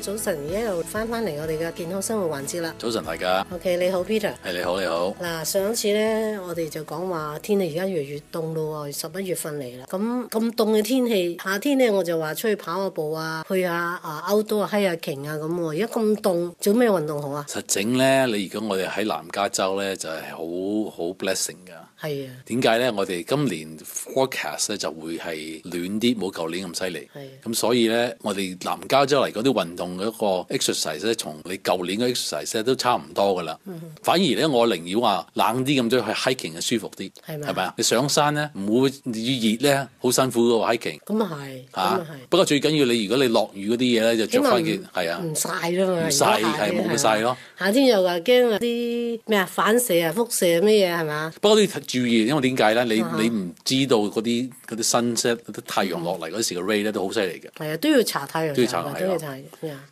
早晨，而家又翻翻嚟我哋嘅健康生活環節啦。早晨，大家。OK，你好，Peter。誒，你好，你好。嗱，上一次咧，我哋就講話天氣而家越來越凍咯，十一月份嚟啦。咁咁凍嘅天氣，夏天咧我就話出去跑下步啊，去下啊 outdoor 啊，hiking 啊咁。而家咁凍，做咩運動好啊？實整咧，你如果我哋喺南加州咧就係好好 blessing 噶。係啊，點解咧？我哋今年 forecast 咧就會係暖啲，冇舊年咁犀利。咁所以咧，我哋南加州嚟嗰啲運動嘅個 exercise 咧，同你舊年嘅 exercise 都差唔多㗎啦。反而咧，我寧願話冷啲咁樣去 hiking 舒服啲，係咪啊？你上山咧唔會越熱咧好辛苦嘅 hiking。咁啊係，嚇，不過最緊要你如果你落雨嗰啲嘢咧就着翻件係啊，唔晒啦嘛，唔曬係冇晒咯。夏天又話驚啲咩啊？反射啊，輻射咩嘢係嘛？不過你。注意，因為點解咧？你你唔知道嗰啲。嗰啲 sunset，啲太陽落嚟嗰時嘅 ray 咧、mm hmm. 都好犀利嘅。係啊，都要查太陽。都要查，的都要查。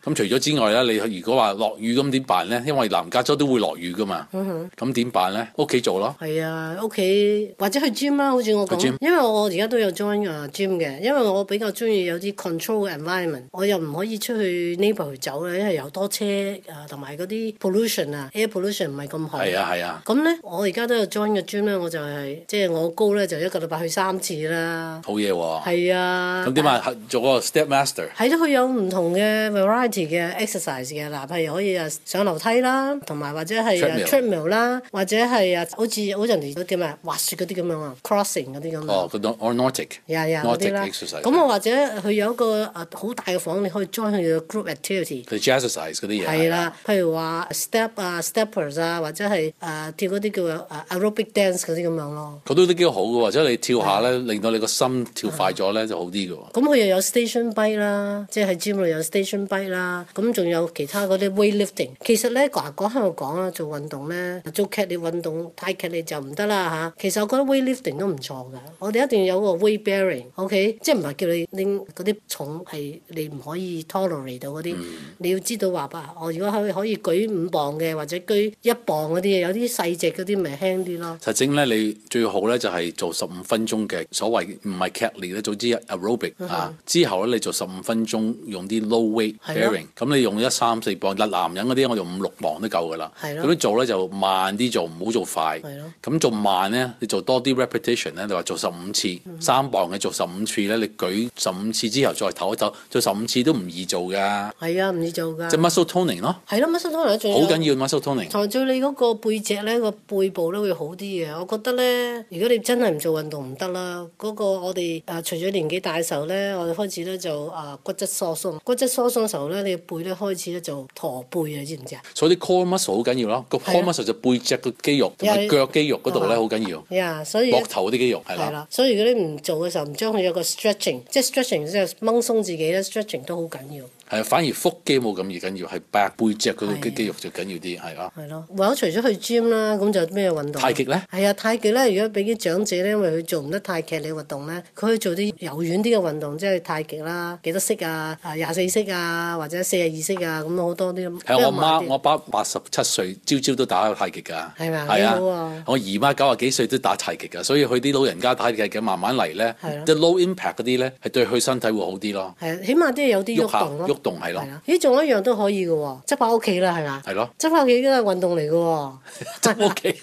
咁除咗之外咧，你如果話落雨咁點辦咧？因為南加州都會落雨噶嘛。咁點辦咧？屋企做咯。係啊，屋企或者去 gym 啦。好似我講，因為我而、mm hmm. 家，家我我都有 join 啊 gym 嘅，因為我比較中意有啲 control environment。我又唔可以出去 neighbor 去走啦，因為又多車啊，同埋嗰啲 pollution 啊，air pollution 唔係咁好。係啊係啊。咁咧，我而家都有 join 嘅 gym 咧，我就係即係我高咧就一個禮拜去三次啦。好嘢喎！係啊，咁點啊？做個 step master 係咯，佢有唔同嘅 variety 嘅 exercise 嘅。嗱，譬如可以啊上樓梯啦，同埋或者係啊 treadmill 啦，或者係啊好似好似人哋嗰啲咪滑雪嗰啲咁樣啊，crossing 嗰啲咁啊，哦，個 or Nordic，有有嗰啲啦，咁啊或者佢有一個啊好大嘅房，你可以 join 佢嘅 group activity，佢 exercise 嗰啲嘢係啦，譬如話 step 啊 stepers 啊，或者係啊跳嗰啲叫做啊 aerobic dance 嗰啲咁樣咯，佢都都幾好嘅喎，或者你跳下咧，令到你。個心跳快咗咧就好啲嘅、啊嗯。咁佢又有 station bike 啦，即係 gym 裏有 station bike 啦。咁、啊、仲、啊啊、有其他嗰啲 weight lifting。其實咧我講度講啊，做運動咧做劇烈運動太劇烈就唔得啦嚇。其實我覺得 weight lifting 都唔錯㗎。我哋一定要有個 weight bearing，OK，、okay? 即、啊、唔係叫你拎嗰啲重係你唔可以 tolerate 到嗰啲。你要知道話我如果可以可以舉五磅嘅或者舉一磅嗰啲嘢，有啲細隻嗰啲咪輕啲咯。實證咧，你最好咧就係做十五分鐘嘅所謂。唔係劇烈咧，早知 aerobic 嚇的、啊。之後咧，你做十五分鐘，用啲 low weight bearing 的。咁你用一三四磅，但男人嗰啲我用五六磅都夠㗎啦。咁的做咧就慢啲做，唔好做快。咁的做慢咧，你做多啲 repetition 咧。你話做十五次，三的磅嘅做十五次咧，你舉十五次之後再唞一唞，做十五次都唔易做㗎。係啊，唔易做㗎。即 muscle toning 咯。係 mus 咯，muscle toning 好緊要 muscle toning。同埋最你嗰個背脊咧，個背部咧會好啲嘅。我覺得咧，如果你真係唔做運動唔得啦，嗰個個我哋啊，除咗年紀大嘅時候咧，我哋開始咧就啊，骨質疏鬆。骨質疏鬆嘅時候咧，你背咧開始咧就駝背知知、那個、啊，知唔知啊？Yeah, 所以啲 core muscle 好緊要咯，個 core muscle 就背脊嘅肌肉同埋腳肌肉嗰度咧好緊要。呀、啊，所以膊頭嗰啲肌肉係啦。所以如果你唔做嘅時候，唔將佢有個 stretching，即係 stretching，即係掹鬆自己咧，stretching 都好緊要。反而腹肌冇咁易緊要，係背背脊嗰個肌肉就緊要啲，係啊。係咯，除咗去 gym 啦，咁就咩運動？太極呢？係啊，太極呢？如果俾啲長者呢，因為佢做唔得太劇烈活動呢，佢可以做啲柔軟啲嘅運動，即係太極啦，幾多式啊？廿四式啊，或者四十二式啊，咁好多啲。係我媽我爸八十七歲，朝朝都打太極㗎。係咪啊？幾好啊！我姨媽九廿幾歲都打太極㗎，所以去啲老人家打太極嘅，慢慢嚟咧，low impact 嗰啲咧，係對佢身體會好啲咯。係啊，起碼都有啲喐動動，係咯，咦仲、啊、有一樣都可以嘅喎，執翻屋企啦，係咪、啊？係咯、啊，執翻屋企都係運動嚟嘅喎，執屋企。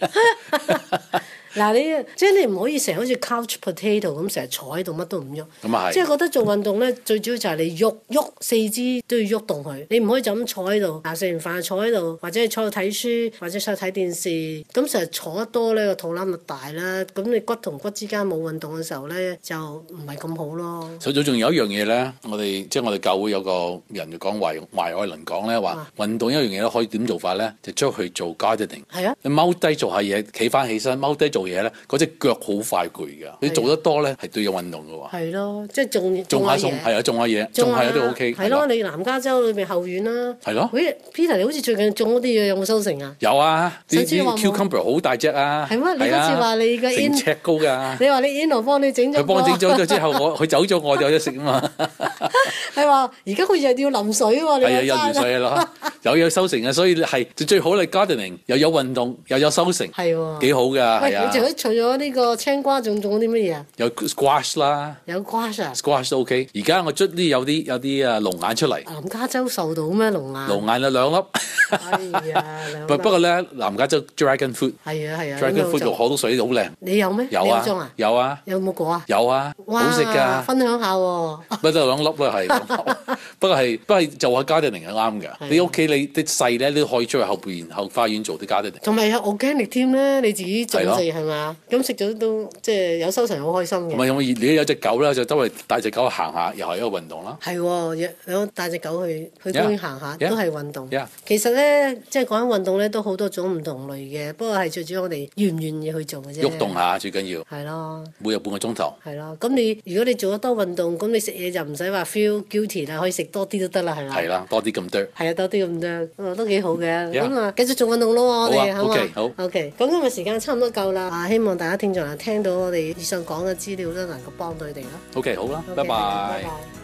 嗱、啊、你即係你唔可以成日好似 couch potato 咁成日坐喺度乜都唔喐，嗯、即係覺得做運動咧，嗯、最主要就係你喐喐四肢都要喐動佢，你唔可以就咁坐喺度。嗱，食完飯坐喺度，或者係坐度睇書或者坐喺度睇電視，咁成日坐得多咧個肚腩咪大啦。咁你骨同骨之間冇運動嘅時候咧，就唔係咁好咯。最早仲有一樣嘢咧，我哋即係我哋教會有個人就講懷懷愛倫講咧話運動有一樣嘢咧可以點做法咧，就出去做 gardening。係啊，踎低做下嘢，企翻起身，踎低做。嘢咧，嗰隻腳好快攰㗎。你做得多咧，係都有運動㗎喎。係咯，即係種種下嘢。係啊，種下嘢。仲下都 OK。係咯，你南加州裏邊後院啦。係咯。Peter，你好似最近種嗰啲嘢有冇收成啊？有啊，啲啲 cucumber 好大隻啊。係喎，你好似話你嘅 in 成尺高㗎。你話你 i n n 幫你整咗。佢幫你整咗咗之後，我佢走咗，我就有得食啊嘛。係話，而家佢又要淋水喎。係啊，又淋水啦。有有收成啊，所以係最好你 gardening 又有運動又有收成，係喎，幾好㗎係啊。除咗呢個青瓜，仲種啲乜嘢啊？有 squash 啦。有 squash 啊？squash 都 OK。而家我種啲有啲有啲啊龍眼出嚟。南加州受到咩龍眼？龍眼有兩粒。哎呀，不過咧，南加州 dragon fruit 係啊係啊，dragon fruit 肉好多水，好靚。你有咩？有啊。有啊。有冇果啊？有啊。好食㗎。分享下喎。咪得兩粒咯，係。不過係不過就係 gardening 係啱㗎。你屋企你啲細咧都可以出去後邊後花園做啲 gardening。同埋有 organic 添啦，你自己做。咁食咗都即係有收成，好開心嘅。唔係，有冇你有隻狗咧？就周圍帶隻狗行下，又係一個運動啦。係喎，有帶隻狗去去公園行下都係運動。其實咧，即係講緊運動咧，都好多種唔同類嘅。不過係最主要，我哋願唔願意去做嘅啫。喐動下最緊要。係咯。每日半個鐘頭。係咯。咁你如果你做得多運動，咁你食嘢就唔使話 feel guilty 啦，可以食多啲都得啦，係嘛？係啦，多啲咁多。係啊，多啲咁多，咁都幾好嘅。咁啊，繼續做運動咯，我哋好 O K，好。O K，咁今日時間差唔多夠啦。啊！希望大家聽眾能聽到我哋以上講嘅資料，都能夠幫到你哋啦。OK，好啦，拜拜。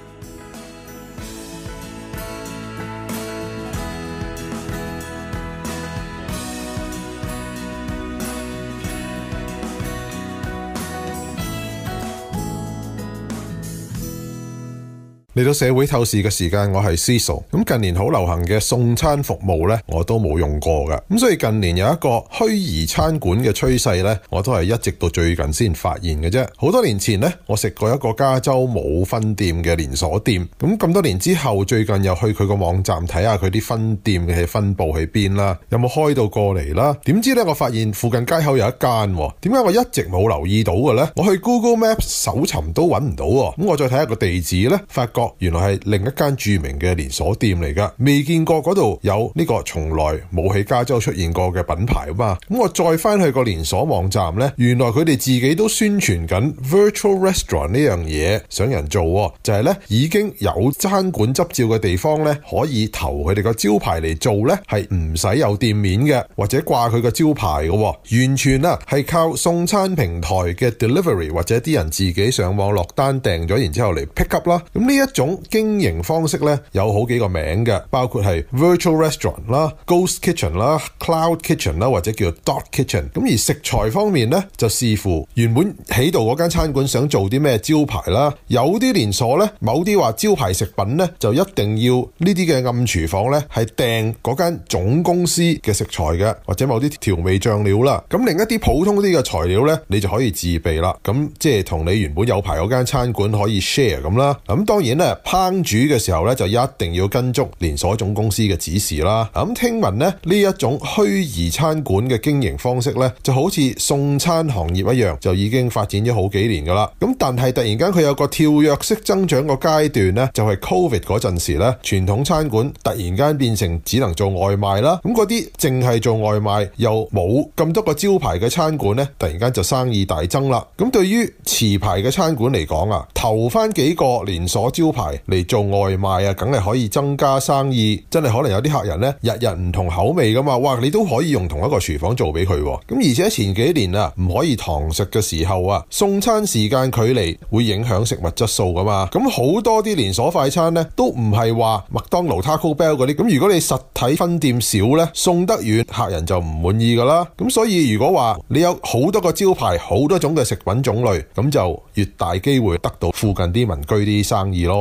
嚟到社會透視嘅時間，我係司徒。咁近年好流行嘅送餐服務呢，我都冇用過㗎。咁所以近年有一個虛擬餐館嘅趨勢呢，我都係一直到最近先發現嘅啫。好多年前呢，我食過一個加州冇分店嘅連鎖店。咁咁多年之後，最近又去佢個網站睇下佢啲分店嘅分佈喺邊啦，有冇開到過嚟啦？點知呢，我發現附近街口有一間喎、哦。點解我一直冇留意到嘅呢？我去 Google Maps 搜尋都揾唔到、哦。咁我再睇下個地址呢。發覺原來係另一間著名嘅連鎖店嚟㗎，未見過嗰度有呢個從來冇喺加州出現過嘅品牌啊嘛。咁我再翻去個連鎖網站呢，原來佢哋自己都宣傳緊 virtual restaurant 呢樣嘢，想人做、哦，就係、是、呢，已經有餐館執照嘅地方呢，可以投佢哋個招牌嚟做，呢係唔使有店面嘅，或者掛佢個招牌嘅、哦，完全啊係靠送餐平台嘅 delivery 或者啲人自己上網落單訂咗，然之後嚟 pick up 啦。咁呢一種經營方式咧，有好幾個名嘅，包括係 virtual restaurant 啦、ghost kitchen 啦、cloud kitchen 啦，或者叫 dark kitchen。咁而食材方面咧，就視乎原本起到嗰間餐館想做啲咩招牌啦。有啲連鎖咧，某啲話招牌食品咧，就一定要呢啲嘅暗廚房咧係訂嗰間總公司嘅食材嘅，或者某啲調味醬料啦。咁另一啲普通啲嘅材料咧，你就可以自備啦。咁即係同你原本有牌嗰間餐館可以 share 咁啦。咁當然呢烹煮嘅時候咧，就一定要跟足連鎖總公司嘅指示啦。咁、啊、聽聞咧，呢一種虛擬餐館嘅經營方式咧，就好似送餐行業一樣，就已經發展咗好幾年噶啦。咁但係突然間佢有個跳躍式增長嘅階段咧，就係、是、Covid 嗰陣時咧，傳統餐館突然間變成只能做外賣啦。咁嗰啲淨係做外賣又冇咁多個招牌嘅餐館咧，突然間就生意大增啦。咁對於持牌嘅餐館嚟講啊，投翻幾個連鎖招牌嚟做外賣啊，梗係可以增加生意。真係可能有啲客人呢，日日唔同口味噶嘛，哇！你都可以用同一個廚房做俾佢。咁而且前幾年啊，唔可以堂食嘅時候啊，送餐時間距離會影響食物質素噶嘛。咁好多啲連鎖快餐呢，都唔係話麥當勞、塔酷貝 l 嗰啲。咁如果你實體分店少呢，送得遠，客人就唔滿意噶啦。咁所以如果話你有好多個招牌，好多種嘅食品種類，咁就越大機會得到附近啲民居啲生意咯。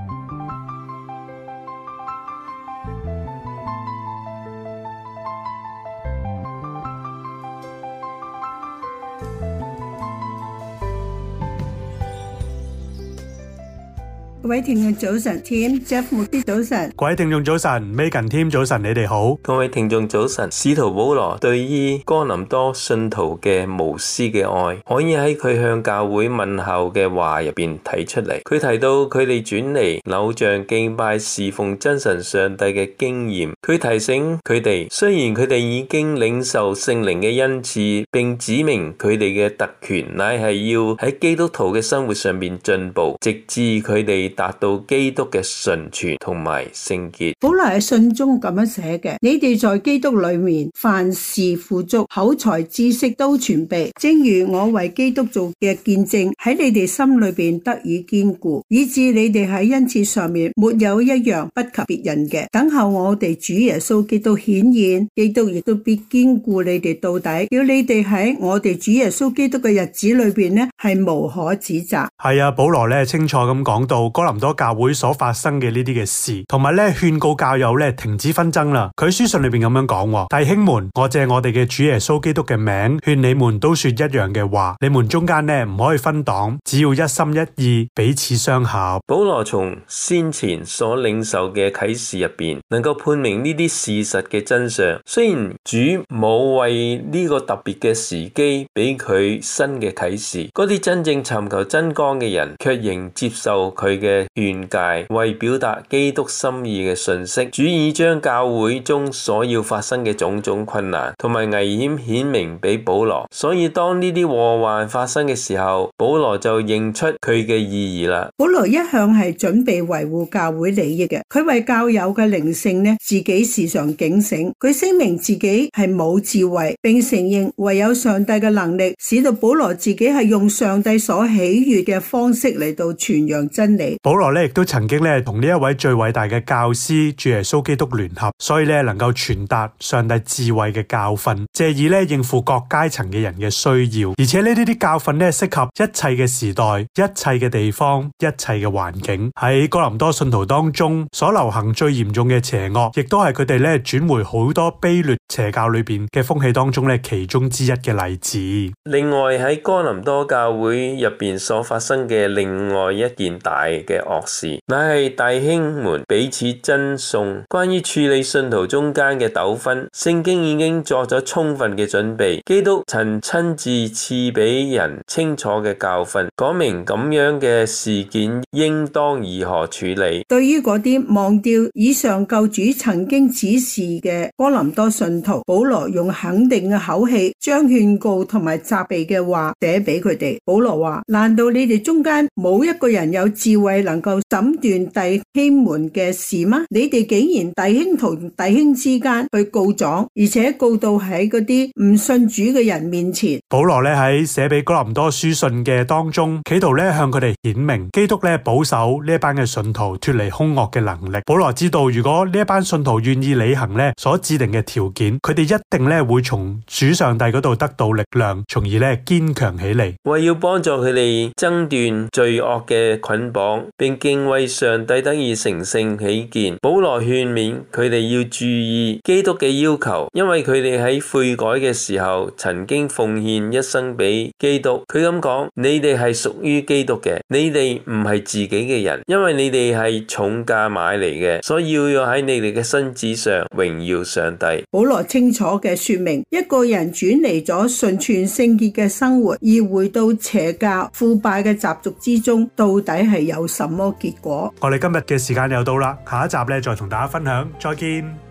各位聽眾早晨 j e 早晨，各位聽眾早晨，Megan 添早晨，你哋好，各位聽眾早晨，使徒保羅對於哥林多信徒嘅無私嘅愛，可以喺佢向教會問候嘅話入邊睇出嚟。佢提到佢哋轉嚟、偶像敬拜、侍奉真神上帝嘅經驗。佢提醒佢哋，雖然佢哋已經領受聖靈嘅恩賜，並指明佢哋嘅特權乃係要喺基督徒嘅生活上面進步，直至佢哋。達到基督嘅純全同埋聖潔。保羅喺信中咁樣寫嘅：「你哋在基督裏面凡事富足，口才、知識都全備，正如我為基督做嘅見證喺你哋心裏邊得以堅固，以致你哋喺恩賜上面沒有一樣不及別人嘅。等候我哋主耶穌基督顯現，基督亦都必堅固你哋到底，要你哋喺我哋主耶穌基督嘅日子裏邊呢係無可指責。係啊，保羅呢清楚咁講到嗰。咁多教會所發生嘅呢啲嘅事，同埋咧勸告教友咧停止紛爭啦。佢書信裏邊咁樣講：弟兄們，我借我哋嘅主耶穌基督嘅名，勸你們都說一樣嘅話，你們中間咧唔可以分黨，只要一心一意，彼此相合。保羅從先前所領受嘅啟示入邊，能夠判明呢啲事實嘅真相。雖然主冇為呢個特別嘅時機俾佢新嘅啟示，嗰啲真正尋求真光嘅人，却仍接受佢嘅。嘅勸誡，為表達基督心意嘅信息，主已將教會中所要發生嘅種種困難同埋危險顯明俾保羅。所以當呢啲禍患發生嘅時候，保羅就認出佢嘅意義啦。保羅一向係準備維護教會利益嘅，佢為教友嘅靈性呢，自己時常警醒。佢聲明自己係冇智慧，並承認唯有上帝嘅能力，使到保羅自己係用上帝所喜悅嘅方式嚟到傳揚真理。保羅咧，亦都曾經咧同呢一位最偉大嘅教師主耶穌基督聯合，所以咧能夠傳達上帝智慧嘅教訓，借以咧應付各階層嘅人嘅需要。而且呢呢啲教訓咧適合一切嘅時代、一切嘅地方、一切嘅環境。喺哥林多信徒當中所流行最嚴重嘅邪惡，亦都係佢哋咧轉回好多卑劣邪教裏邊嘅風氣當中咧其中之一嘅例子。另外喺哥林多教會入邊所發生嘅另外一件大件。嘅惡事，乃係弟兄們彼此爭訟。關於處理信徒中間嘅糾紛，聖經已經作咗充分嘅準備。基督曾親自賜俾人清楚嘅教訓，講明咁樣嘅事件應當如何處理。對於嗰啲忘掉以上救主曾經指示嘅哥林多信徒，保羅用肯定嘅口氣，將勸告同埋責備嘅話寫俾佢哋。保羅話：難道你哋中間冇一個人有智慧？能夠審斷弟兄們嘅事嗎？你哋竟然弟兄同弟兄之間去告狀，而且告到喺嗰啲唔信主嘅人面前。保羅咧喺寫俾哥林多書信嘅當中，企圖咧向佢哋顯明基督咧保守呢一班嘅信徒脫離兇惡嘅能力。保羅知道，如果呢一班信徒願意履行咧所制定嘅條件，佢哋一定咧會從主上帝嗰度得到力量，從而咧堅強起嚟，為要幫助佢哋掙斷罪惡嘅捆綁。並敬畏上帝得以成聖起見，保羅勸勉佢哋要注意基督嘅要求，因為佢哋喺悔改嘅時候曾經奉獻一生俾基督。佢咁講：你哋係屬於基督嘅，你哋唔係自己嘅人，因為你哋係重價買嚟嘅，所以要喺你哋嘅身子上榮耀上帝。保羅清楚嘅說明，一個人轉離咗純全聖潔嘅生活，而回到邪教腐敗嘅習俗之中，到底係有什麼結果？我哋今日嘅時間又到啦，下一集呢，再同大家分享，再見。